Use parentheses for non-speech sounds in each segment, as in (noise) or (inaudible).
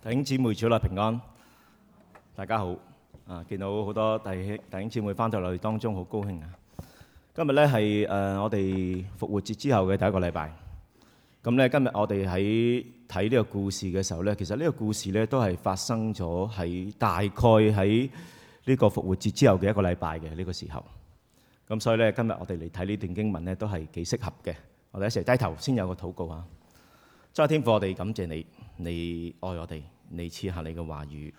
弟兄姊妹主內平安，大家好。啊，見到好多弟兄弟兄姊妹翻到來當中，好高興啊！今日咧係誒我哋復活節之後嘅第一個禮拜。咁咧今日我哋喺睇呢個故事嘅時候咧，其實呢個故事咧都係發生咗喺大概喺呢個復活節之後嘅一個禮拜嘅呢個時候。咁所以咧今日我哋嚟睇呢段經文咧都係幾適合嘅。我哋一齊低頭先有個禱告啊！再天父我哋，我哋感謝你，你愛我哋，你賜下你嘅話語，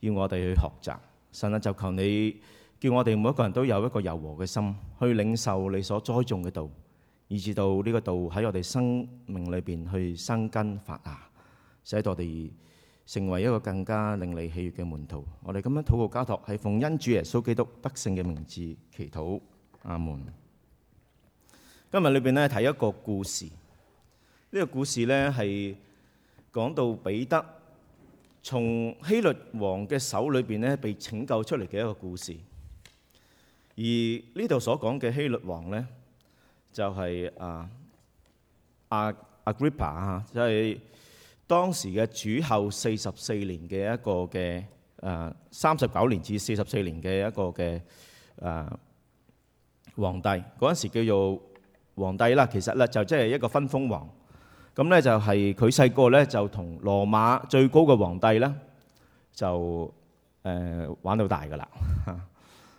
要我哋去學習。神啊，就求你叫我哋每一個人都有一個柔和嘅心，去領受你所栽種嘅道，以至到呢個道喺我哋生命裏邊去生根發芽，使到我哋成為一個更加令你喜悅嘅門徒。我哋咁樣禱告交託，係奉恩主耶穌基督得勝嘅名字祈禱。阿門。今日裏邊呢，睇一個故事。呢、這個故事呢，係講到彼得從希律王嘅手裏邊咧被拯救出嚟嘅一個故事。而呢度所講嘅希律王呢，就係啊阿阿 Agrippa 啊，即係當時嘅主後四十四年嘅一個嘅誒三十九年至四十四年嘅一個嘅誒、啊、皇帝。嗰陣時叫做皇帝啦，其實咧就即係一個分封王。咁咧就係佢細個咧就同羅馬最高嘅皇帝咧就誒玩到大㗎喇。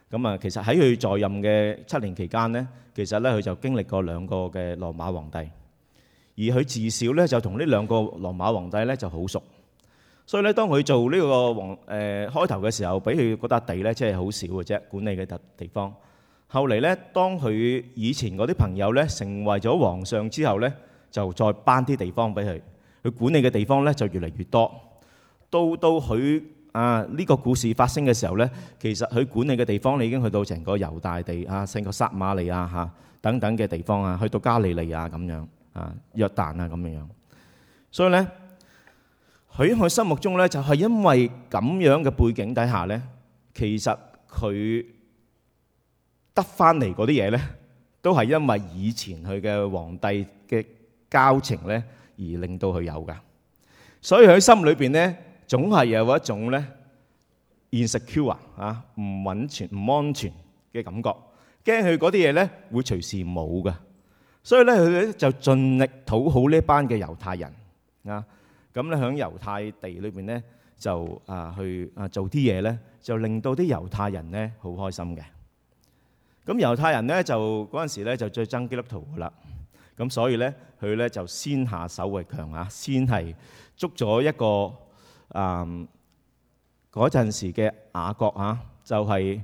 咁啊，其實喺佢在任嘅七年期間咧，其實咧佢就經歷過兩個嘅羅馬皇帝。而佢自小咧就同呢兩個羅馬皇帝咧就好熟，所以咧當佢做呢個王誒開頭嘅時候，俾佢嗰笪地咧真係好少嘅啫，管理嘅特地方。後嚟咧，當佢以前嗰啲朋友咧成為咗皇上之後咧。就再搬啲地方俾佢，佢管理嘅地方呢就越嚟越多。到到佢啊呢、這個故事發生嘅時候呢，其實佢管理嘅地方，你已經去到成個猶大地啊，成個撒瑪利亞嚇等等嘅地方啊，去到加利利亞啊咁樣啊約旦啊咁樣。所以咧，佢喺心目中呢，就係、是、因為咁樣嘅背景底下呢，其實佢得翻嚟嗰啲嘢呢，都係因為以前佢嘅皇帝嘅。交情咧，而令到佢有噶，所以佢心裏邊咧，總係有嗰一種咧，insecure 啊，唔穩全、唔安全嘅感覺，驚佢嗰啲嘢咧會隨時冇噶，所以咧佢咧就盡力討好呢一班嘅猶太人啊，咁咧喺猶太地裏邊咧就啊去啊做啲嘢咧，就令到啲猶太人咧好開心嘅。咁猶太人咧就嗰陣時咧就最憎基督徒噶啦。咁所以咧，佢咧就先下手為強啊！先係捉咗一個啊，嗰陣時嘅雅各啊，就係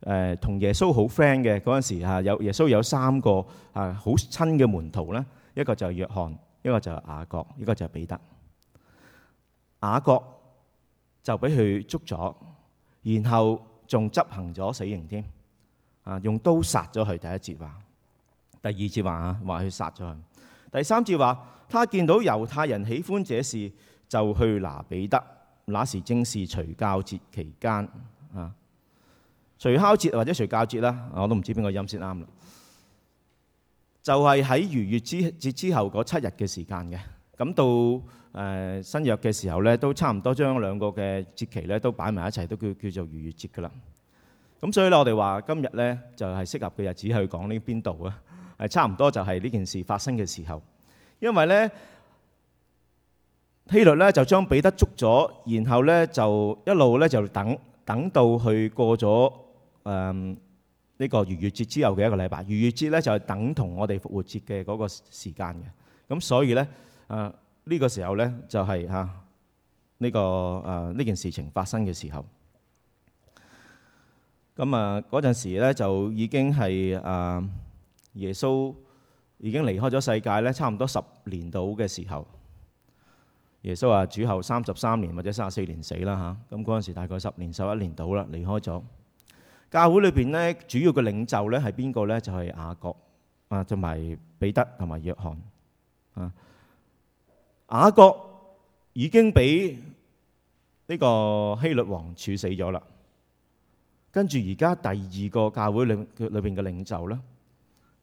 誒同耶穌好 friend 嘅嗰陣時啊，有耶穌有三個啊好親嘅門徒啦，一個就係約翰，一個就係雅各，一個就係彼得。雅各就俾佢捉咗，然後仲執行咗死刑添啊，用刀殺咗佢，第一節話。第二節話嚇話去殺咗佢。第三節話，他見到猶太人喜歡這事，就去拿彼得。那時正是除酵節期間啊，除烤節或者除酵節啦，我都唔知邊個音先啱啦。就係喺逾越節之後嗰七日嘅時間嘅，咁到誒、呃、新約嘅時候咧，都差唔多將兩個嘅節期咧都擺埋一齊，都叫叫做逾越節噶啦。咁所以咧，我哋話今日咧就係、是、適合嘅日子去講呢邊度啊。差唔多就係呢件事發生嘅時候，因為咧希律咧就將彼得捉咗，然後咧就一路咧就等，等到去過咗誒呢個逾越節之後嘅一個禮拜。逾越節咧就係、等同我哋復活節嘅嗰個時間嘅，咁所以咧誒呢、啊這個時候咧就係嚇呢個誒呢、啊、件事情發生嘅時候。咁啊嗰陣時咧就已經係誒。啊耶穌已經離開咗世界咧，差唔多十年到嘅時候，耶穌話主後三十三年或者三十四年死啦嚇。咁嗰陣時大概十年十一年到啦，離開咗教會裏邊呢，主要嘅領袖咧係邊個咧？就係雅各啊，同埋彼得同埋約翰啊。雅各已經俾呢個希律王處死咗啦。跟住而家第二個教會裡裏邊嘅領袖咧。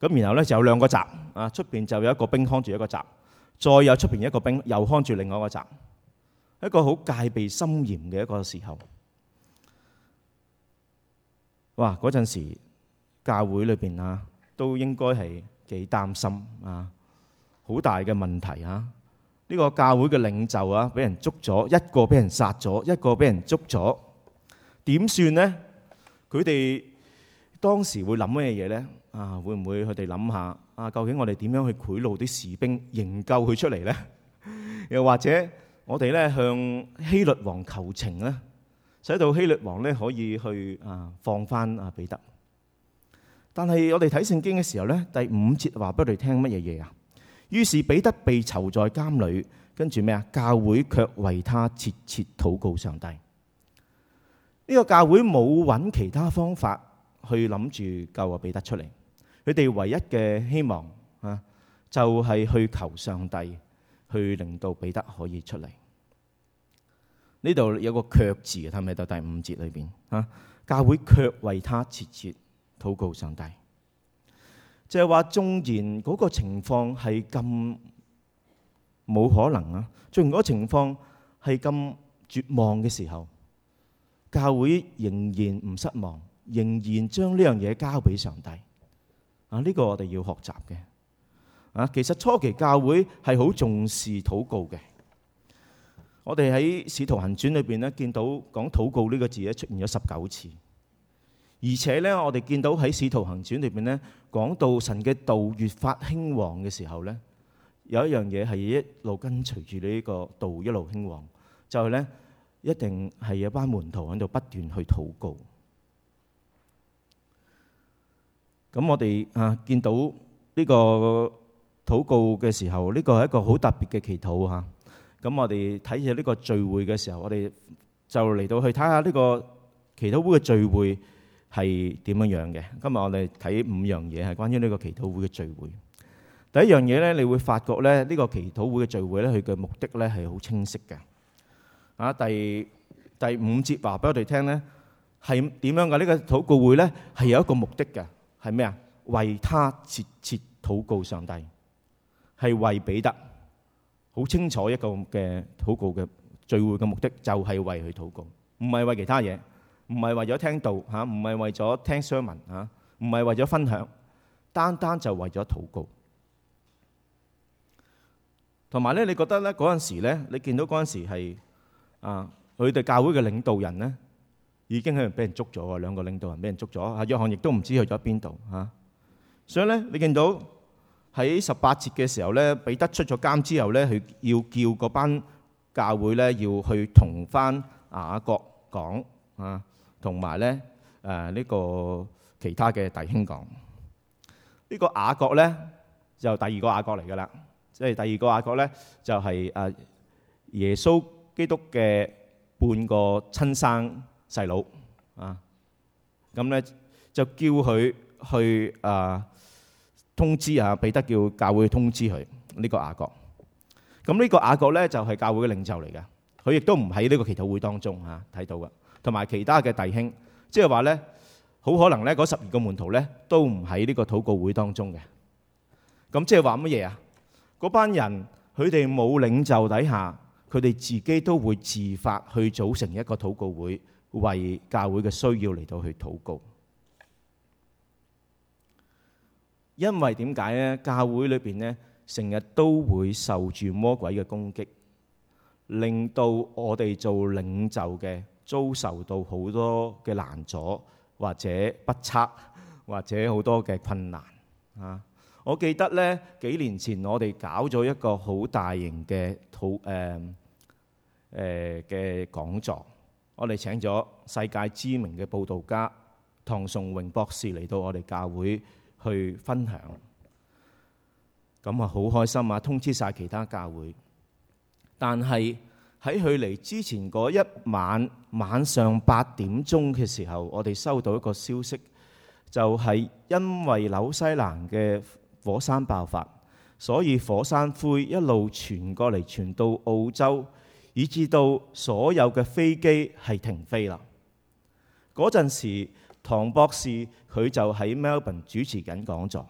咁然後呢，就有兩個閘，啊出邊就有一個兵看住一個閘，再有出邊一個兵又看住另外一個閘，一個好戒備森嚴嘅一個時候。哇！嗰陣時教會裏邊啊，都應該係幾擔心啊，好大嘅問題啊！呢個教會嘅領袖啊，俾人捉咗一個，俾人殺咗一個，俾人捉咗，點算呢？佢哋當時會諗乜嘢呢？啊，會唔會佢哋諗下啊？究竟我哋點樣去賄賂啲士兵營救佢出嚟呢？又或者我哋咧向希律王求情呢？使到希律王咧可以去啊放翻阿、啊、彼得？但係我哋睇聖經嘅時候咧，第五節話俾我哋聽乜嘢嘢啊？於是彼得被囚在監裏，跟住咩啊？教會卻為他切切禱告上帝。呢、這個教會冇揾其他方法去諗住救阿、啊、彼得出嚟。佢哋唯一嘅希望啊，就係去求上帝去令到彼得可以出嚟。呢度有個卻字，係咪？到第五節裏邊啊，教會卻為他切切禱告上帝，就係話縱然嗰個情況係咁冇可能啊，縱然嗰個情況係咁絕望嘅時候，教會仍然唔失望，仍然將呢樣嘢交俾上帝。啊！呢個我哋要學習嘅啊，其實初期教會係好重視禱告嘅。我哋喺《使徒行傳》裏邊咧，見到講禱告呢個字咧出現咗十九次，而且咧我哋見到喺《使徒行傳》裏邊咧講到神嘅道越發興旺嘅時候咧，有一樣嘢係一路跟隨住呢一個道一路興旺，就係咧一定係有班門徒喺度不斷去禱告。咁我哋啊，見到呢個禱告嘅時候，呢個係一個好特別嘅祈禱啊！咁我哋睇住呢個聚會嘅時候，我哋就嚟到去睇下呢個祈禱會嘅聚會係點樣樣嘅。今日我哋睇五樣嘢係關於呢個祈禱會嘅聚會。第一樣嘢咧，你會發覺咧，呢個祈禱會嘅聚會咧，佢嘅目的咧係好清晰嘅。啊，第第五節話俾我哋聽咧，係點樣嘅？呢個禱告會咧係有一個目的嘅。係咩啊？為他切切禱告上帝，係為彼得，好清楚一個嘅禱告嘅聚會嘅目的，就係、是、為佢禱告，唔係為其他嘢，唔係為咗聽道嚇，唔係為咗聽 sermon 嚇，唔係為咗分享，單單就為咗禱告。同埋咧，你覺得咧嗰陣時咧，你見到嗰陣時係啊，佢哋教會嘅領導人咧？已經喺度俾人捉咗喎，兩個領導人俾人捉咗，啊，約翰亦都唔知去咗邊度嚇。所以咧，你見到喺十八節嘅時候咧，彼得出咗監之後咧，佢要叫嗰班教會咧要去同翻雅各講啊，同埋咧誒呢個其他嘅弟兄講，呢個雅各咧就第二個雅各嚟噶啦，即係第二個雅各咧就係誒耶穌基督嘅半個親生。細佬啊，咁呢就叫佢去啊通知啊彼得，叫教會去通知佢呢個雅各。咁呢個雅各呢，就係教會嘅領袖嚟嘅，佢亦都唔喺呢個祈禱會當中啊睇到嘅。同埋其他嘅弟兄，即係話呢，好可能呢，嗰十二個門徒呢，都唔喺呢個禱告會當中嘅。咁即係話乜嘢啊？嗰班人佢哋冇領袖底下，佢哋自己都會自發去組成一個禱告會。為教會嘅需要嚟到去禱告，因為點解呢？教會裏邊呢，成日都會受住魔鬼嘅攻擊，令到我哋做領袖嘅遭受到好多嘅難阻，或者不測，或者好多嘅困難啊！我記得呢，幾年前我哋搞咗一個好大型嘅討誒誒嘅講座。我哋請咗世界知名嘅佈道家唐崇榮博士嚟到我哋教會去分享，咁啊好開心啊！通知晒其他教會，但係喺佢嚟之前嗰一晚晚上八點鐘嘅時候，我哋收到一個消息，就係因為紐西蘭嘅火山爆發，所以火山灰一路傳過嚟，傳到澳洲。以知道所有嘅飛機係停飛啦。嗰陣時，唐博士佢就喺 Melbourne 主持緊講座。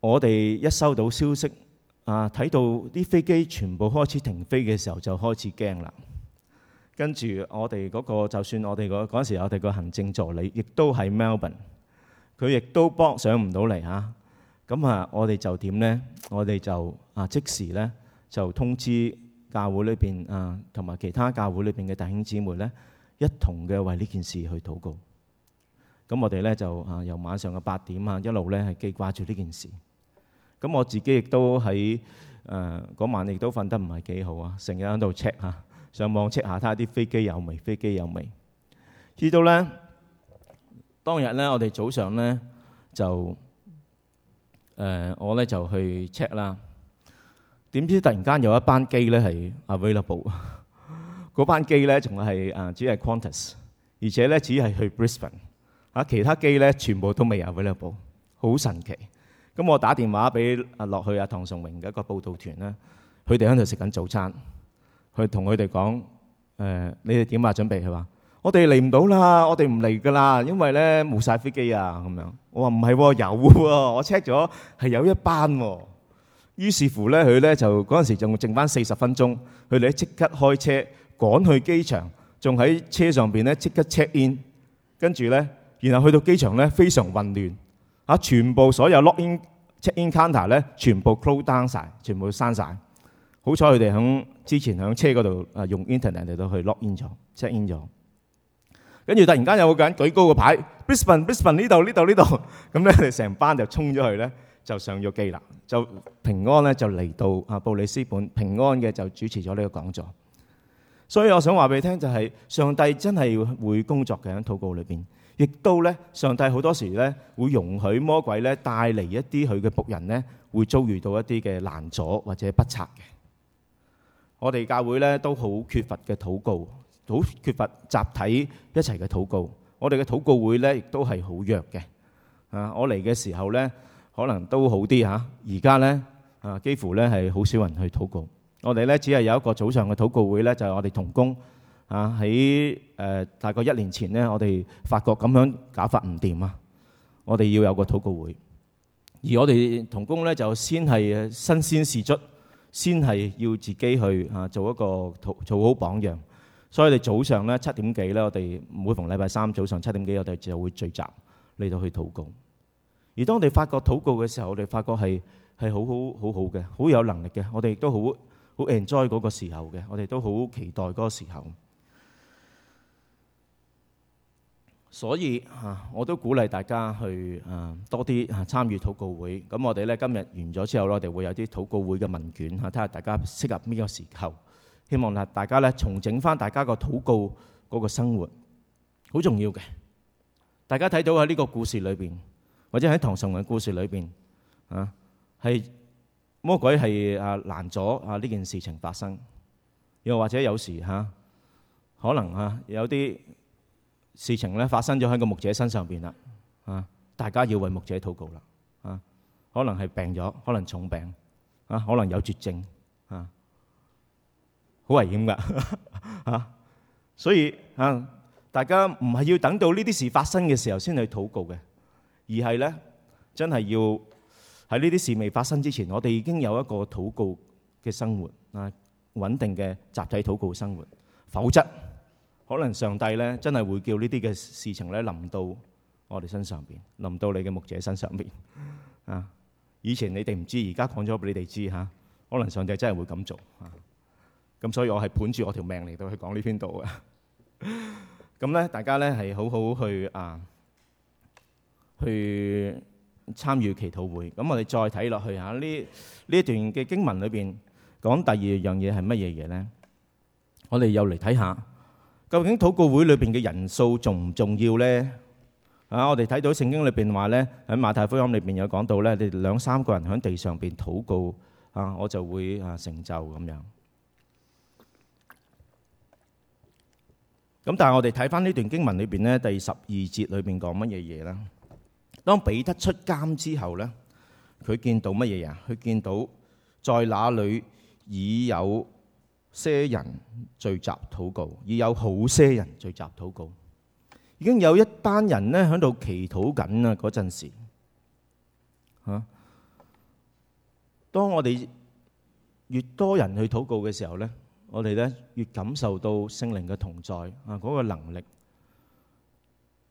我哋一收到消息啊，睇到啲飛機全部開始停飛嘅時候，就開始驚啦。跟住我哋嗰、嗰個，就算我哋嗰嗰陣時，我哋個行政助理亦都喺 Melbourne，佢亦都駁上唔到嚟嚇。咁啊，我哋就點呢？我哋就啊，即時呢。就通知教會裏邊啊，同埋其他教會裏邊嘅弟兄姊妹咧，一同嘅為呢件事去禱告。咁我哋咧就啊，由晚上嘅八點啊，一路咧係記掛住呢件事。咁我自己亦都喺誒嗰晚亦都瞓得唔係幾好啊，成日喺度 check 下，上網 check 下睇下啲飛機有未，飛機有未。直到咧，當日咧，我哋早上咧就誒、呃，我咧就去 check 啦。點知突然間有一班機咧係 available，嗰班機咧仲係誒只係 Qantas，而且咧只係去 Brisbane，啊其他機咧全部都未 available，好神奇。咁我打電話俾落去阿唐崇榮嘅一個報道團啦，佢哋喺度食緊早餐，去同佢哋講誒你哋點啊準備？佢話我哋嚟唔到啦，我哋唔嚟㗎啦，因為咧冇曬飛機啊。咁樣我話唔係，有喎，我 check 咗係有一班喎。於是乎咧，佢咧就嗰陣時仲剩翻四十分鐘，佢哋即刻開車趕去機場，仲喺車上邊咧即刻 check in，跟住咧，然後去到機場咧非常混亂，啊全部所有 lock in check in counter 咧全部 close down 曬，全部閂曬。好彩佢哋響之前響車嗰度啊用 internet 嚟到去 lock in 咗，check in 咗。跟住突然間有個人舉高個牌，Brisbane Brisbane 呢度呢度呢度，咁咧佢哋成班就衝咗去咧。就上咗機啦，就平安咧就嚟到啊布里斯本平安嘅就主持咗呢個講座，所以我想話俾你聽、就是，就係上帝真係會工作嘅喺禱告裏邊，亦都咧上帝好多時咧會容許魔鬼咧帶嚟一啲佢嘅僕人咧會遭遇到一啲嘅難阻或者不測嘅。我哋教會咧都好缺乏嘅禱告，好缺乏集體一齊嘅禱告。我哋嘅禱告會咧亦都係好弱嘅啊！我嚟嘅時候咧。可能都好啲吓，而家呢啊，幾乎呢係好少人去禱告。我哋呢只係有一個早上嘅禱告會呢，就係我哋同工啊喺誒大概一年前呢，我哋發覺咁樣搞法唔掂啊，我哋要有個禱告會。而我哋同工呢就先係身先士卒，先係要自己去啊做一個禱做好榜樣。所以我哋早上呢七點幾呢，我哋每逢禮拜三早上七點幾，我哋就會聚集嚟到去禱告。而當我哋發覺禱告嘅時候，我哋發覺係係好好好好嘅，好有能力嘅。我哋亦都好好 enjoy 嗰個時候嘅。我哋都好期待嗰個時候。所以嚇，我都鼓勵大家去啊、呃、多啲啊參與禱告會。咁我哋咧今日完咗之後咧，我哋會有啲禱告會嘅問卷嚇，睇下大家適合邊個時候。希望啊大家咧重整返大家個禱告嗰個生活，好重要嘅。大家睇到喺呢個故事裏邊。或者喺唐崇文故事裏邊，啊，係魔鬼係啊攔阻，啊呢件事情發生，又或者有時吓，可能吓有啲事情咧發生咗喺個牧者身上邊啦，啊，大家要為牧者禱告啦，啊，可能係病咗，可能重病，啊，可能有絕症，啊，好危險噶，啊，所以啊，大家唔係要等到呢啲事發生嘅時候先去禱告嘅。而係呢，真係要喺呢啲事未發生之前，我哋已經有一個禱告嘅生活啊，穩定嘅集體禱告生活。否則，可能上帝呢真係會叫呢啲嘅事情呢臨到我哋身上邊，臨到你嘅牧者身上邊啊。以前你哋唔知，而家講咗俾你哋知嚇。可能上帝真係會咁做啊。咁所以我係揹住我條命嚟到去講呢篇道嘅。咁呢，大家呢係好好去啊。去參與祈禱會，咁我哋再睇落去吓，呢呢一段嘅經文裏邊講第二樣嘢係乜嘢嘢呢？我哋又嚟睇下，究竟禱告會裏邊嘅人數重唔重要呢？啊，我哋睇到聖經裏邊話呢，喺馬太福音裏邊有講到呢，你哋兩三個人喺地上邊禱告啊，我就會啊成就咁樣。咁但係我哋睇翻呢段經文裏邊呢，第十二節裏邊講乜嘢嘢呢？當彼得出監之後咧，佢見到乜嘢啊？佢見到在那裏已有些人聚集禱告，已有好些人聚集禱告，已經有一班人咧喺度祈禱緊啊！嗰陣時啊，當我哋越多人去禱告嘅時候咧，我哋咧越感受到聖靈嘅同在啊，嗰個能力。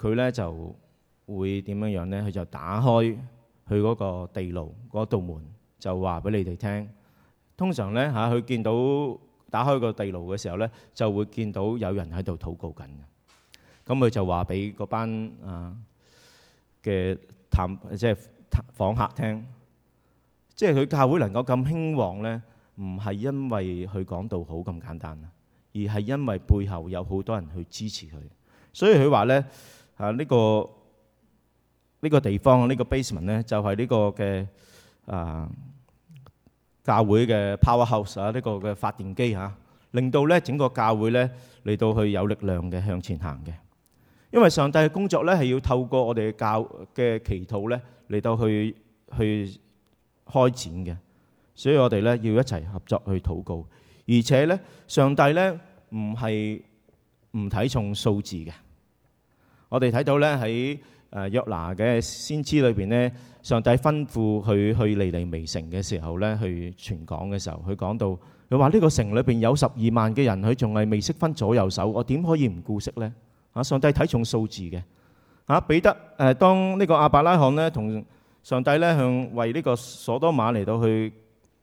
佢咧就會點樣樣呢？佢就打開佢嗰個地牢嗰道門，就話俾你哋聽。通常呢，嚇，佢見到打開個地牢嘅時候呢，就會見到有人喺度禱告緊。咁佢就話俾嗰班啊嘅探即係訪客聽。即係佢教會能夠咁興旺呢？唔係因為佢講道好咁簡單，而係因為背後有好多人去支持佢。所以佢話呢。啊！呢個呢個地方呢個 basement 咧，就係呢個嘅啊教會嘅 powerhouse 啊，呢個嘅發電機嚇，令到咧整個教會咧嚟到去有力量嘅向前行嘅。因為上帝嘅工作咧係要透過我哋嘅教嘅祈禱咧嚟到去去開展嘅，所以我哋咧要一齊合作去禱告，而且咧上帝咧唔係唔睇重數字嘅。我哋睇到咧喺誒約拿嘅先知裏邊呢，上帝吩咐佢去尼尼微城嘅時候咧，去傳講嘅時候，佢講到佢話呢個城裏邊有十二萬嘅人，佢仲係未識分左右手，我點可以唔顧惜呢？啊，上帝睇重數字嘅啊，彼得誒當呢個阿伯拉罕咧同上帝咧向為呢個所多瑪嚟到去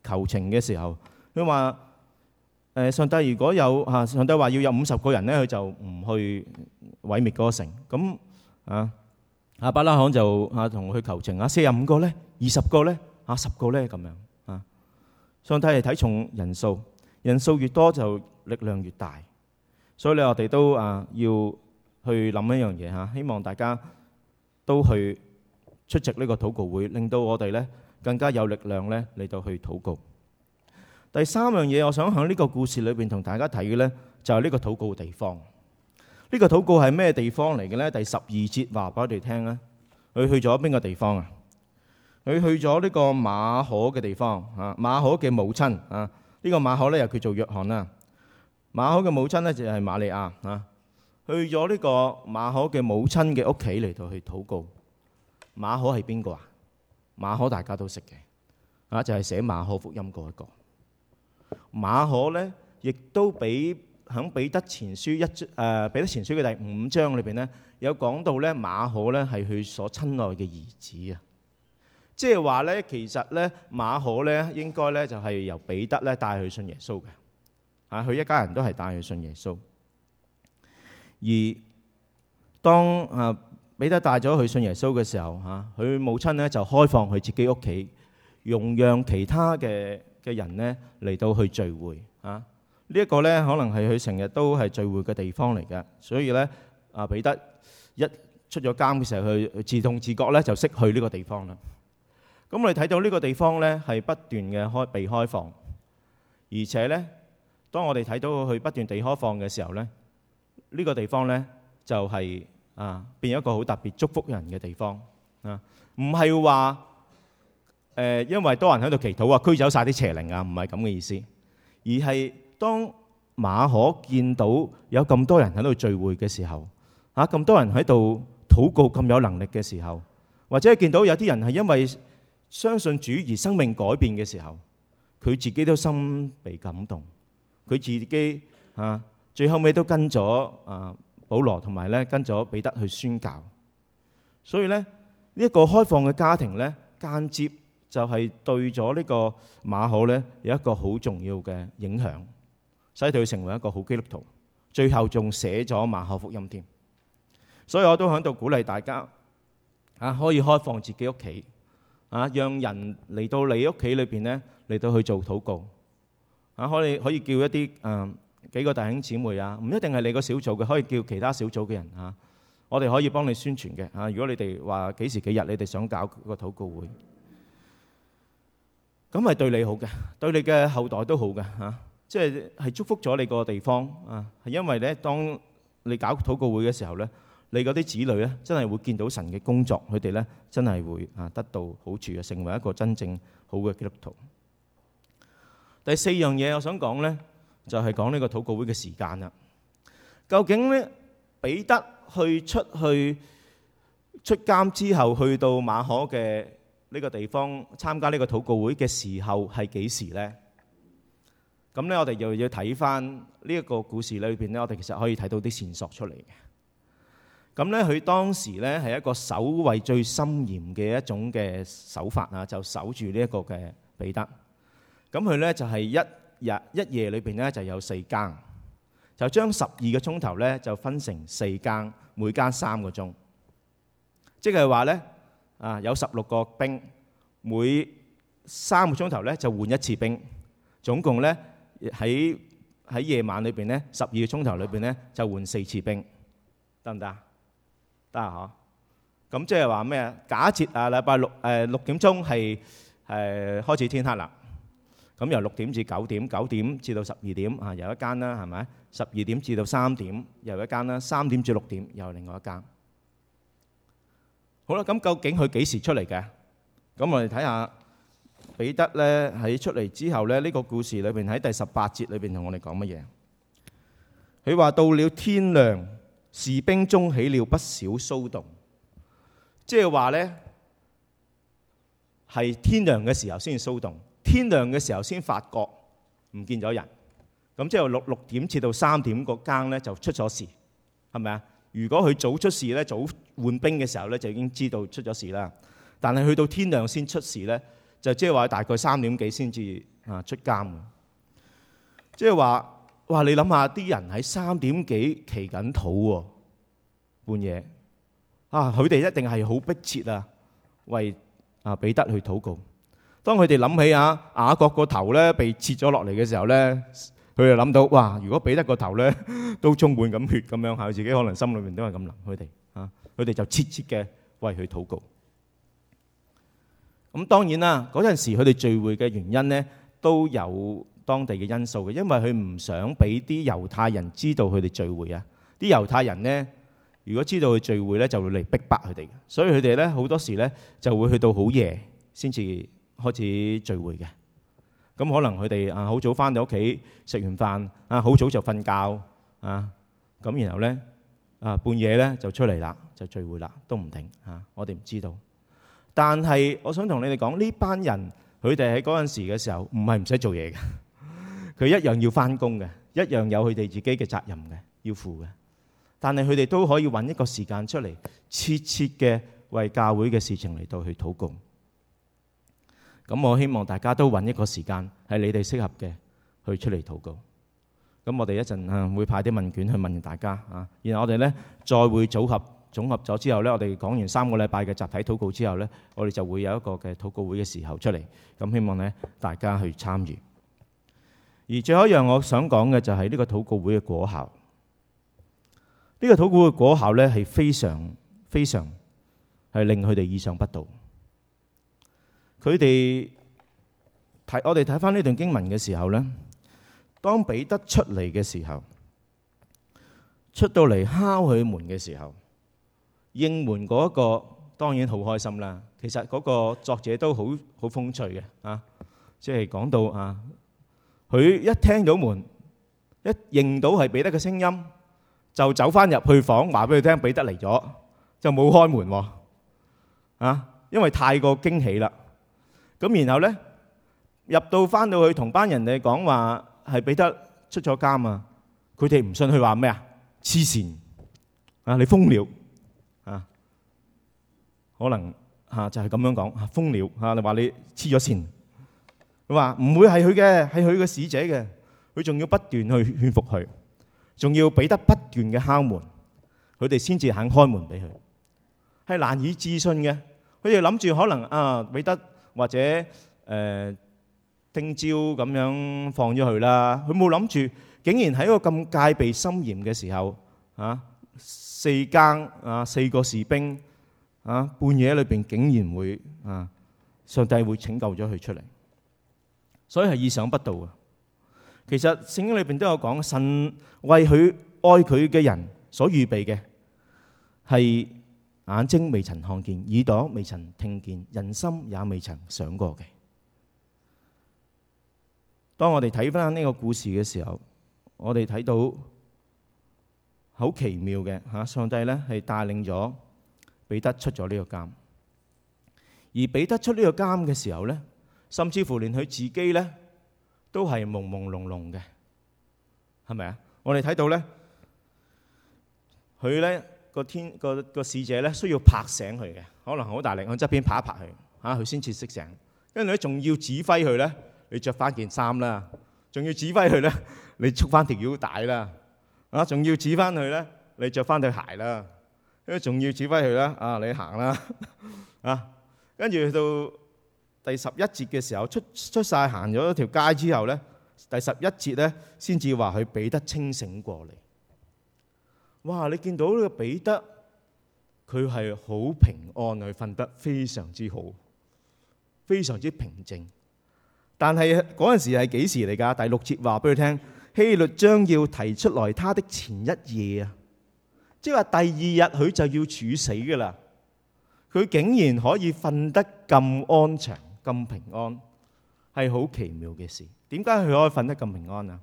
求情嘅時候，佢話誒上帝如果有嚇上帝話要有五十個人咧，佢就唔去。毀滅嗰個城，咁啊，阿巴拉罕就啊同佢去求情啊，四十五個咧，二十個咧，啊十個咧咁樣啊，上帝係睇重人數，人數越多就力量越大，所以咧我哋都啊要去諗一樣嘢嚇，希望大家都去出席呢個禱告會，令到我哋咧更加有力量咧嚟到去禱告。第三樣嘢，我想喺呢個故事裏邊同大家睇嘅咧，就係呢個禱告嘅地方。呢個禱告係咩地方嚟嘅呢？第十二節話俾我哋聽。呢佢去咗邊個地方啊？佢去咗呢個馬可嘅地方啊！馬可嘅母親啊，呢個馬可呢又叫做約翰啦。馬可嘅母親呢就係瑪利亞啊。去咗呢個馬可嘅母親嘅屋企嚟到去禱告。馬可係邊個啊？馬可大家都識嘅啊，就係寫馬可福音嗰一個。馬可呢，亦都俾。喺彼得前書一章、呃，彼得前書嘅第五章裏邊呢，有講到咧馬可咧係佢所親愛嘅兒子啊，即係話咧其實咧馬可咧應該咧就係、是、由彼得咧帶去信耶穌嘅嚇，佢、啊、一家人都係帶去信耶穌。而當啊彼得帶咗佢信耶穌嘅時候嚇，佢、啊、母親咧就開放佢自己屋企，容讓其他嘅嘅人咧嚟到佢聚會啊。呢一個呢，可能係佢成日都係聚會嘅地方嚟嘅，所以呢，啊彼得一出咗監嘅時候，佢自動自覺呢，就識去呢個地方啦。咁我哋睇到呢個地方呢，係不斷嘅開被開放，而且呢，當我哋睇到佢不斷地開放嘅時候呢，呢個地方呢，就係啊變一個好特別祝福人嘅地方啊，唔係話因為多人喺度祈禱啊，驅走晒啲邪靈啊，唔係咁嘅意思，而係。當馬可見到有咁多人喺度聚會嘅時候，吓、啊、咁多人喺度禱告咁有能力嘅時候，或者見到有啲人係因為相信主而生命改變嘅時候，佢自己都心被感動，佢自己、啊、最後尾都跟咗啊保羅同埋咧跟咗彼得去宣教，所以呢，呢、呢、一個開放嘅家庭咧間接就係對咗呢個馬可咧有一個好重要嘅影響。所以佢成為一個好基督徒，最後仲寫咗馬可福音添。所以我都喺度鼓勵大家，可以開放自己屋企嚇，讓人嚟到你屋企裏面呢，嚟到去做禱告，可以可以叫一啲幾、呃、幾個弟兄姊妹啊，唔一定係你個小組嘅，可以叫其他小組嘅人。我哋可以幫你宣傳嘅。如果你哋話幾時幾日，你哋想搞個禱告會，咁係對你好嘅，對你嘅後代都好嘅。即係係祝福咗你個地方啊！係因為咧，當你搞禱告會嘅時候咧，你嗰啲子女咧，真係會見到神嘅工作，佢哋咧真係會啊得到好處啊，成為一個真正好嘅基督徒。第四樣嘢我想講呢，就係講呢個禱告會嘅時間啦。究竟呢，彼得去出去出監之後，去到馬可嘅呢個地方參加呢個禱告會嘅時候係幾時呢？咁咧，我哋又要睇返呢一個故事裏邊咧，我哋其實可以睇到啲線索出嚟嘅。咁咧，佢當時咧係一個守衞最森嚴嘅一種嘅手法啊，就守住呢一個嘅彼得。咁佢咧就係一日一夜裏邊咧，就有四更，就將十二個鐘頭咧就分成四更，每更三個鐘。即係話咧，啊有十六個兵，每三個鐘頭咧就換一次兵，總共咧。喺喺夜晚裏邊咧，十二個鐘頭裏邊咧就換四次兵，得唔得？得啊，嗬！咁即係話咩啊？假設啊，禮拜六誒六點鐘係誒開始天黑啦，咁由六點至九點，九點至到十二點啊，又一間啦，係咪？十二點至到三點又一間啦，三點至六點又另外一間。好啦，咁究竟佢幾時出嚟嘅？咁我哋睇下。彼得咧喺出嚟之後咧，呢個故事裏面，喺第十八節裏面同我哋講乜嘢？佢話到了天亮，士兵中起了不少騷動，即係話呢，係天亮嘅時候先騷動，天亮嘅時候先發覺唔見咗人。咁之後六六點至到三點嗰間呢，就出咗事，係咪啊？如果佢早出事呢，早換兵嘅時候呢，就已經知道出咗事啦。但係去到天亮先出事呢。就即係話大概三點幾先至啊出監嘅，即係話哇！你諗下啲人喺三點幾祈緊禱喎，半夜啊，佢哋一定係好迫切啊，為啊彼得去禱告。當佢哋諗起啊雅各個頭咧被切咗落嚟嘅時候咧，佢就諗到哇！如果彼得個頭咧都充滿咁血咁樣嚇，自己可能心裏面都係咁諗，佢哋啊，佢哋就切切嘅為佢禱告。咁當然啦，嗰陣時佢哋聚會嘅原因咧都有當地嘅因素嘅，因為佢唔想俾啲猶太人知道佢哋聚會啊。啲猶太人咧，如果知道佢聚會咧，就會嚟逼迫佢哋。所以佢哋咧好多時咧就會去到好夜先至開始聚會嘅。咁可能佢哋啊，好早翻到屋企食完飯啊，好早就瞓覺啊咁，然後咧啊半夜咧就出嚟啦，就聚會啦，都唔停啊。我哋唔知道。但係，我想同你哋講，呢班人佢哋喺嗰陣時嘅時候，唔係唔使做嘢嘅，佢一樣要返工嘅，一樣有佢哋自己嘅責任嘅，要負嘅。但係佢哋都可以揾一個時間出嚟，切切嘅為教會嘅事情嚟到去禱告。咁我希望大家都揾一個時間，係你哋適合嘅去出嚟禱告。咁我哋一陣啊，嗯，會派啲問卷去問大家啊，然後我哋呢，再會組合。總合咗之後咧，我哋講完三個禮拜嘅集體禱告之後咧，我哋就會有一個嘅禱告會嘅時候出嚟，咁希望咧大家去參與。而最後一樣我想講嘅就係呢個禱告會嘅果效。呢個禱告會嘅果效咧係非常非常係令佢哋意想不到。佢哋睇我哋睇翻呢段經文嘅時候咧，當彼得出嚟嘅時候，出到嚟敲佢門嘅時候。應門嗰個當然好開心啦。其實嗰個作者都好好風趣嘅啊，即係講到啊，佢一聽到門一認到係彼得嘅聲音，就走翻入去房，話俾佢聽彼得嚟咗，就冇開門喎啊，因為太過驚喜啦。咁然後咧入到翻到去同班人哋講話係彼得出咗監啊，佢哋唔信佢話咩啊，黐線啊，你瘋了！可能嚇就係咁樣講，瘋了嚇！你話你黐咗線，佢話唔會係佢嘅，係佢嘅使者嘅。佢仲要不斷去勸服佢，仲要彼得不斷嘅敲門，佢哋先至肯開門俾佢，係難以置信嘅。佢哋諗住可能啊彼得或者誒聽朝咁樣放咗佢啦，佢冇諗住，竟然喺一個咁戒備森嚴嘅時候啊，四更啊，四個士兵。啊！半夜裏邊竟然會啊，上帝會拯救咗佢出嚟，所以係意想不到嘅。其實聖經裏邊都有講，神為佢愛佢嘅人所預備嘅係眼睛未曾看見，耳朵未曾聽見，人心也未曾想過嘅。當我哋睇翻呢個故事嘅時候，我哋睇到好奇妙嘅吓、啊，上帝咧係帶領咗。彼得出咗呢個監，而彼得出呢個監嘅時候咧，甚至乎連佢自己咧都係朦朦朧朧嘅，係咪啊？我哋睇到咧，佢咧個天個個使者咧需要拍醒佢嘅，可能好大力向側邊拍一拍佢，嚇佢先至識醒。跟住咧仲要指揮佢咧，你着翻件衫啦，仲要指揮佢咧，你束翻條腰帶啦，啊，仲要指翻佢咧，你着翻對鞋啦。佢仲要指揮佢啦，啊，你行啦，啊，跟住到第十一節嘅時候，出出曬行咗條街之後呢，第十一節呢，先至話佢彼得清醒過嚟。哇！你見到呢個彼得，佢係好平安，佢瞓得非常之好，非常之平靜。但係嗰陣時係幾時嚟㗎？第六節話俾佢聽，希律將要提出來他的前一夜啊。即係話第二日佢就要處死噶啦，佢竟然可以瞓得咁安詳咁平安，係好奇妙嘅事。點解佢可以瞓得咁平安啊？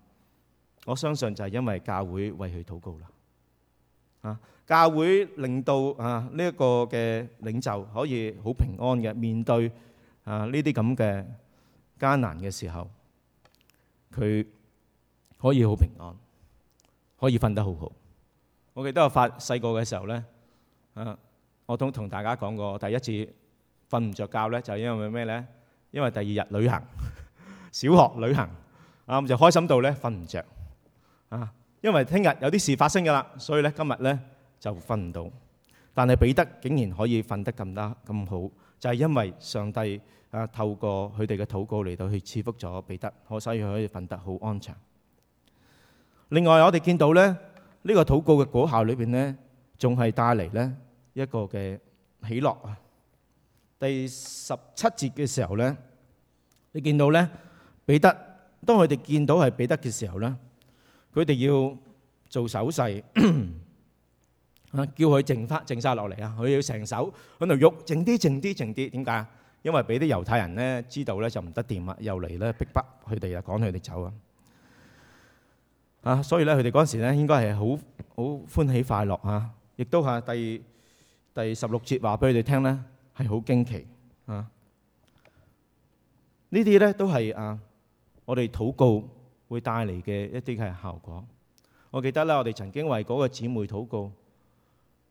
我相信就係因為教會為佢禱告啦。啊，教會令到啊呢一個嘅領袖可以好平安嘅面對啊呢啲咁嘅艱難嘅時候，佢可以好平安，可以瞓得好好。我記得我發細個嘅時候咧，啊，我都同大家講過，第一次瞓唔着覺咧，就因為咩咧？因為第二日旅行，小學旅行啊，咁就開心到咧瞓唔着。啊，因為聽日有啲事發生㗎喇，所以咧今日咧就瞓唔到。但係彼得竟然可以瞓得咁得咁好，就係因為上帝啊透過佢哋嘅禱告嚟到去賜福咗彼得，可所以佢可以瞓得好安詳。另外我哋見到咧。呢個禱告嘅果效裏邊咧，仲係帶嚟咧一個嘅喜樂啊！第十七節嘅時候咧，你見到咧彼得，當佢哋見到係彼得嘅時候咧，佢哋要做手勢啊，叫佢靜翻靜晒落嚟啊！佢要成手喺度喐，靜啲靜啲靜啲。點解？因為俾啲猶太人咧知道咧就唔得掂啊！又嚟咧逼迫佢哋啊，趕佢哋走啊！啊，所以咧，佢哋嗰陣時咧，應該係好好歡喜快樂啊！亦都係第第十六節話俾佢哋聽咧，係好驚奇啊！呢啲咧都係啊，我哋禱告會帶嚟嘅一啲嘅效果。我記得咧，我哋曾經為嗰個姊妹禱告，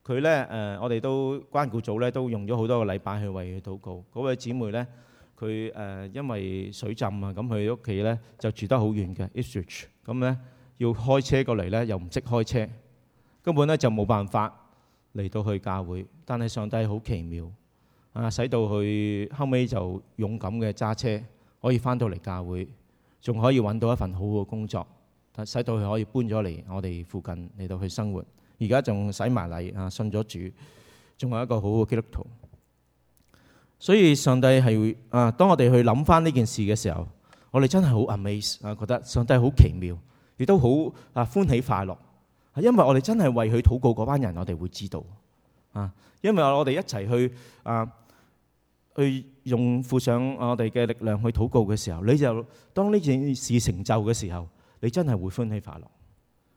佢咧誒，我哋都關顧組咧都用咗好多個禮拜去為佢禱告。嗰位姊妹咧，佢誒因為水浸啊，咁佢屋企咧就住得好遠嘅，Eastchurch。咁咧。要開車過嚟呢，又唔識開車，根本呢就冇辦法嚟到去教會。但係上帝好奇妙啊，使到佢後尾就勇敢嘅揸車，可以翻到嚟教會，仲可以揾到一份好好嘅工作。但使到佢可以搬咗嚟我哋附近嚟到去生活，而家仲洗埋禮啊，信咗主，仲係一個好好嘅基督徒。所以上帝係會啊，當我哋去諗翻呢件事嘅時候，我哋真係好 amaze 啊，覺得上帝好奇妙。亦都好啊，歡喜快樂，因為我哋真係為佢禱告嗰班人，我哋會知道啊，因為我哋一齊去啊，去用附上我哋嘅力量去禱告嘅時候，你就當呢件事成就嘅時候，你真係會歡喜快樂。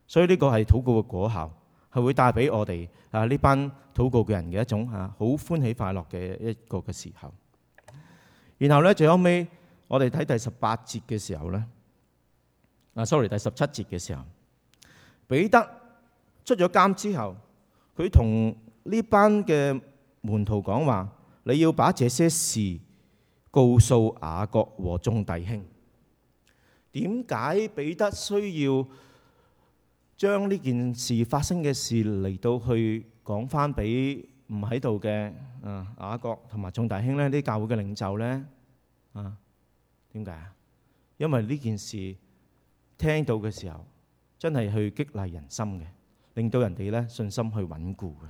所以呢個係禱告嘅果效，係會帶俾我哋啊呢班禱告嘅人嘅一種啊好歡喜快樂嘅一個嘅時候。然後呢，最後尾我哋睇第十八節嘅時候呢。啊，sorry，第十七節嘅時候，彼得出咗監之後，佢同呢班嘅門徒講話：你要把這些事告訴雅各和眾弟兄。點解彼得需要將呢件事發生嘅事嚟到去講翻俾唔喺度嘅啊雅各同埋眾弟兄呢啲教會嘅領袖呢？啊？點解啊？因為呢件事。聽到嘅時候，真係去激勵人心嘅，令到人哋嘅信心去穩固嘅。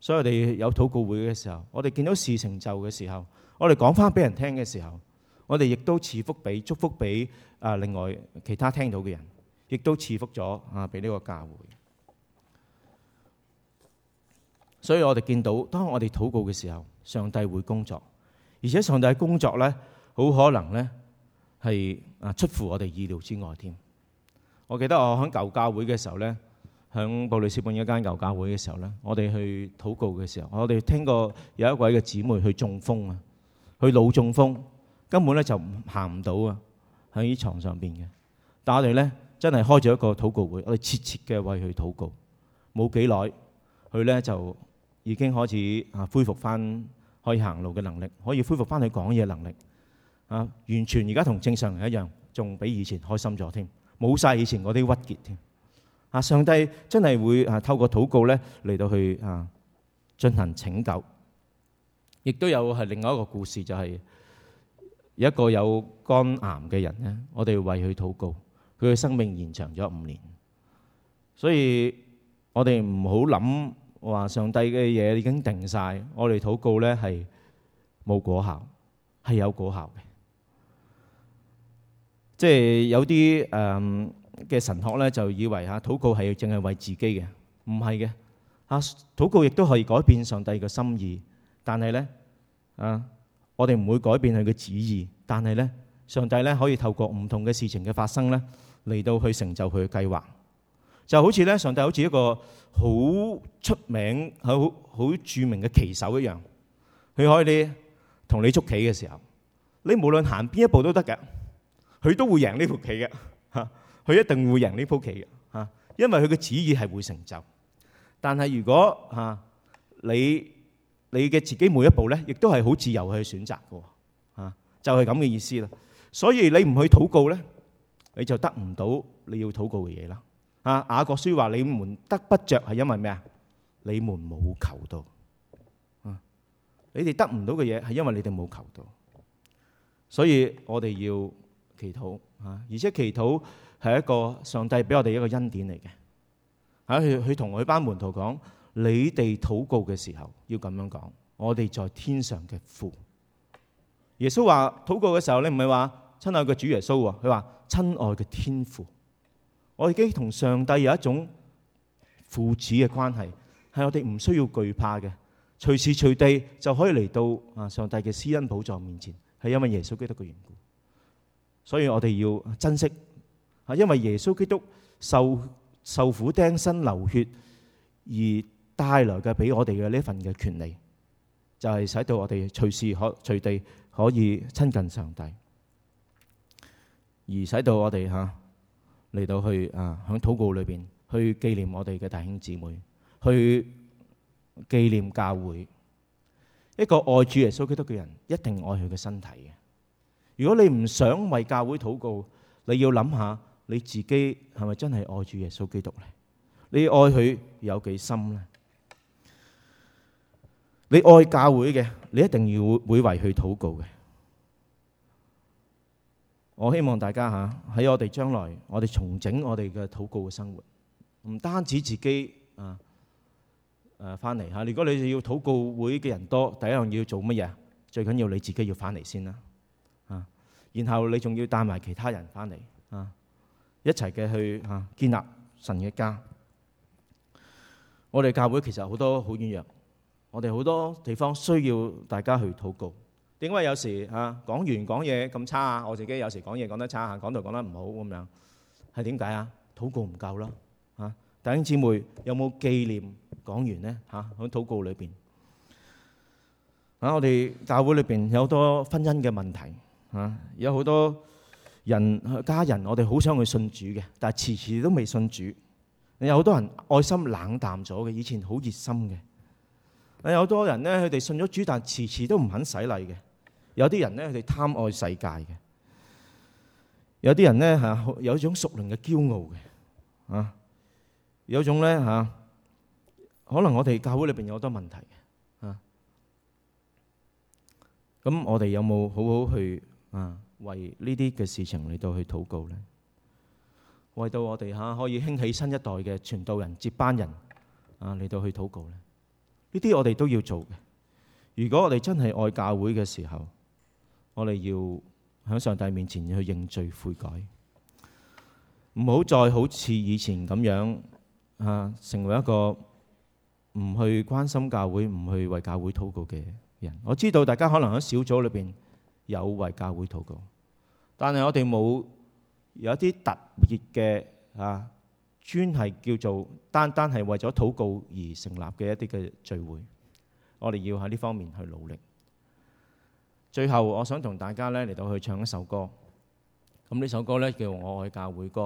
所以我哋有禱告會嘅時候，我哋見到事成就嘅時候，我哋講翻俾人聽嘅時候，我哋亦都賜福俾祝福俾啊另外其他聽到嘅人，亦都賜福咗啊俾呢個教會。所以我哋見到當我哋禱告嘅時候，上帝會工作，而且上帝工作咧，好可能咧。係啊，出乎我哋意料之外添。我記得我喺舊教會嘅時候咧，喺布里斯本一間舊教會嘅時候咧，我哋去禱告嘅時候，我哋聽過有一位嘅姊妹去中風啊，去腦中風，根本咧就行唔到啊，喺床上邊嘅。但我哋咧真係開咗一個禱告會，我哋切切嘅為佢禱告。冇幾耐，佢咧就已經開始啊恢復翻可以行路嘅能力，可以恢復翻佢講嘢能力。啊！完全而家同正常人一樣，仲比以前開心咗添，冇晒以前嗰啲鬱結添。啊！上帝真係會啊透過禱告咧嚟到去啊進行拯救。亦都有係另外一個故事，就係有一個有肝癌嘅人咧，我哋為佢禱告，佢嘅生命延長咗五年。所以我哋唔好諗話上帝嘅嘢已經定晒，我哋禱告咧係冇果效，係有果效嘅。即係有啲誒嘅神學咧，就以為嚇、啊、禱告係淨係為自己嘅，唔係嘅嚇。啊、禱告亦都可以改變上帝嘅心意，但係咧啊，我哋唔會改變佢嘅旨意。但係咧，上帝咧可以透過唔同嘅事情嘅發生咧，嚟到去成就佢嘅計劃。就好似咧，上帝好似一個好出名好好著名嘅棋手一樣，佢可以跟你同你捉棋嘅時候，你無論行邊一步都得嘅。佢都會贏呢鋪棋嘅嚇，佢一定會贏呢鋪棋嘅嚇，因為佢嘅旨意係會成就。但係如果嚇，你你嘅自己每一步咧，亦都係好自由去選擇嘅嚇，就係咁嘅意思啦。所以你唔去禱告咧，你就得唔到你要禱告嘅嘢啦。啊，雅各書話：你們得不著係因為咩啊？你們冇求到。嗯，你哋得唔到嘅嘢係因為你哋冇求到，所以我哋要。祈禱啊，而且祈禱係一個上帝俾我哋一個恩典嚟嘅。啊，佢佢同佢班門徒講：你哋禱告嘅時候要咁樣講，我哋在天上嘅父。耶穌話禱告嘅時候你唔係話親愛嘅主耶穌喎，佢話親愛嘅天父，我已經同上帝有一種父子嘅關係，係我哋唔需要懼怕嘅，隨時隨地就可以嚟到啊上帝嘅施恩寶座面前，係因為耶穌基督嘅緣故。所以我哋要珍惜，啊，因為耶穌基督受受苦釘身流血而帶來嘅，俾我哋嘅呢份嘅權利，就係、是、使到我哋隨時可、隨地可以親近上帝，而使到我哋吓嚟到去啊，響禱告裏邊去紀念我哋嘅弟兄姊妹，去紀念教會。一個愛主耶穌基督嘅人，一定愛佢嘅身體嘅。如果你唔想為教會禱告，你要諗下你自己係咪真係愛住耶穌基督咧？你愛佢有幾深咧？你愛教會嘅，你一定要會為佢禱告嘅。我希望大家吓喺我哋將來，我哋重整我哋嘅禱告嘅生活，唔單止自己啊誒翻嚟吓。如果你要禱告會嘅人多，第一樣要做乜嘢？最緊要你自己要翻嚟先啦。然後你仲要帶埋其他人翻嚟啊，一齊嘅去啊建立神嘅家。我哋教會其實好多好軟弱，我哋好多地方需要大家去禱告。點解有時啊講完講嘢咁差啊？我自己有時講嘢講得差啊，講道講得唔好咁樣，係點解啊？禱告唔夠啦啊！弟兄姊妹有冇紀念講完呢嚇喺禱告裏邊啊？我哋教會裏邊有好多婚姻嘅問題。啊、有好多人家人，我哋好想去信主嘅，但係遲遲都未信主。有好多人愛心冷淡咗嘅，以前好熱心嘅。有好多人呢，佢哋信咗主，但係遲遲都唔肯洗力嘅。有啲人呢，佢哋貪愛世界嘅。有啲人呢，嚇、啊，有一種熟人嘅驕傲嘅、啊。有種呢、啊，可能我哋教會裏面有好多問題嘅。咁、啊、我哋有冇好好去？啊，為呢啲嘅事情嚟到去禱告呢，為到我哋吓、啊、可以興起新一代嘅傳道人、接班人啊嚟到去禱告咧，呢啲我哋都要做嘅。如果我哋真係愛教會嘅時候，我哋要響上帝面前去認罪悔改，唔好再好似以前咁樣啊，成為一個唔去關心教會、唔去為教會禱告嘅人。我知道大家可能喺小組裏邊。有為教會禱告，但係我哋冇有，有一啲特別嘅啊，專係叫做單單係為咗禱告而成立嘅一啲嘅聚會，我哋要喺呢方面去努力。最後，我想同大家呢嚟到去唱一首歌，咁、嗯、呢首歌呢，叫《我愛教會歌》，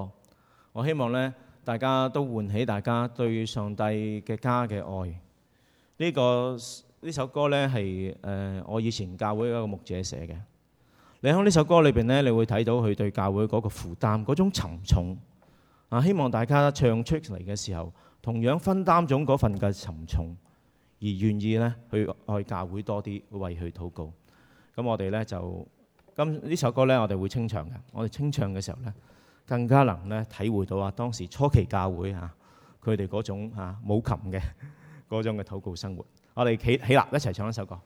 我希望呢，大家都喚起大家對上帝嘅家嘅愛。呢、這個呢首歌呢，係誒、呃、我以前教會嘅一個牧者寫嘅。你喺呢首歌裏邊呢，你會睇到佢對教會嗰個負擔，嗰種沉重啊！希望大家唱出嚟嘅時候，同樣分擔種嗰份嘅沉重，而願意呢去愛教會多啲，為佢禱告。咁我哋呢，就今呢首歌呢，我哋會清唱嘅。我哋清唱嘅時候呢，更加能呢體會到啊當時初期教會啊佢哋嗰種啊冇琴嘅嗰種嘅禱告生活。我哋起起立，一齊唱一首歌。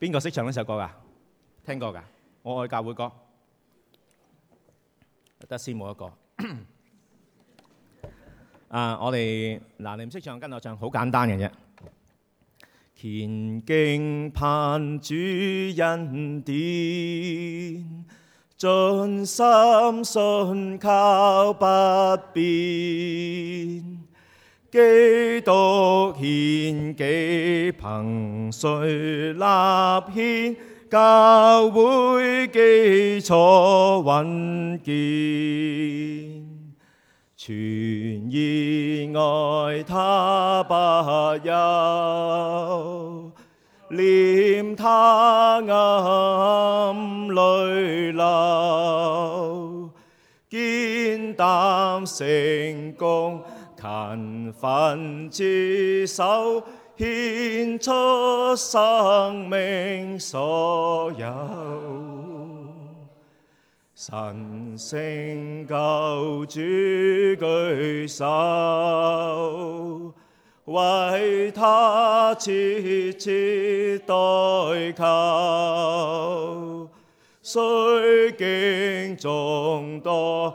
邊個識唱呢首歌㗎？聽過㗎？我愛教會歌，得師母一個。啊！ (coughs) uh, 我哋嗱，你唔識唱，跟我唱，好簡單嘅啫。虔敬盼主恩典，盡心信靠不變。基督獻己，憑誰立憲？教會基礎穩健，全意愛他不休，念他暗淚流，堅擔成功。難分之手，獻出生命所有。神聖救主舉手，為他切切代求。雖經眾多。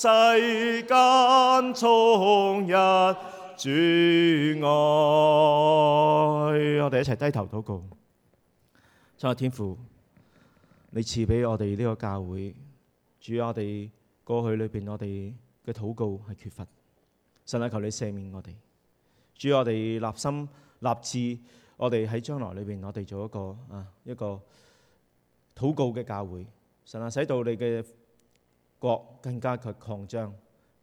世間終日主愛，我哋一齊低頭禱告。神啊，天父，你賜俾我哋呢個教會，主啊，我哋過去裏邊我哋嘅禱告係缺乏。神啊，求你赦免我哋，主啊，我哋立心立志，我哋喺將來裏邊，我哋做一個啊一個禱告嘅教會。神啊，使到你嘅。國更加擴擴張，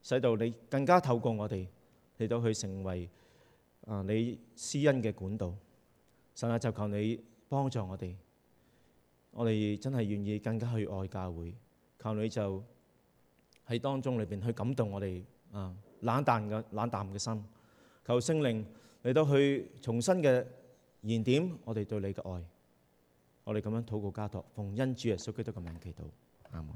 使到你更加透過我哋嚟到去成為啊、呃、你施恩嘅管道。神啊，就求你幫助我哋，我哋真係願意更加去愛教會。求你就喺當中裏邊去感動我哋啊、呃、冷淡嘅冷淡嘅心。求聖靈嚟到去重新嘅燃點我哋對你嘅愛。我哋咁樣禱告家託，逢恩主耶穌基督嘅名祈禱，阿門。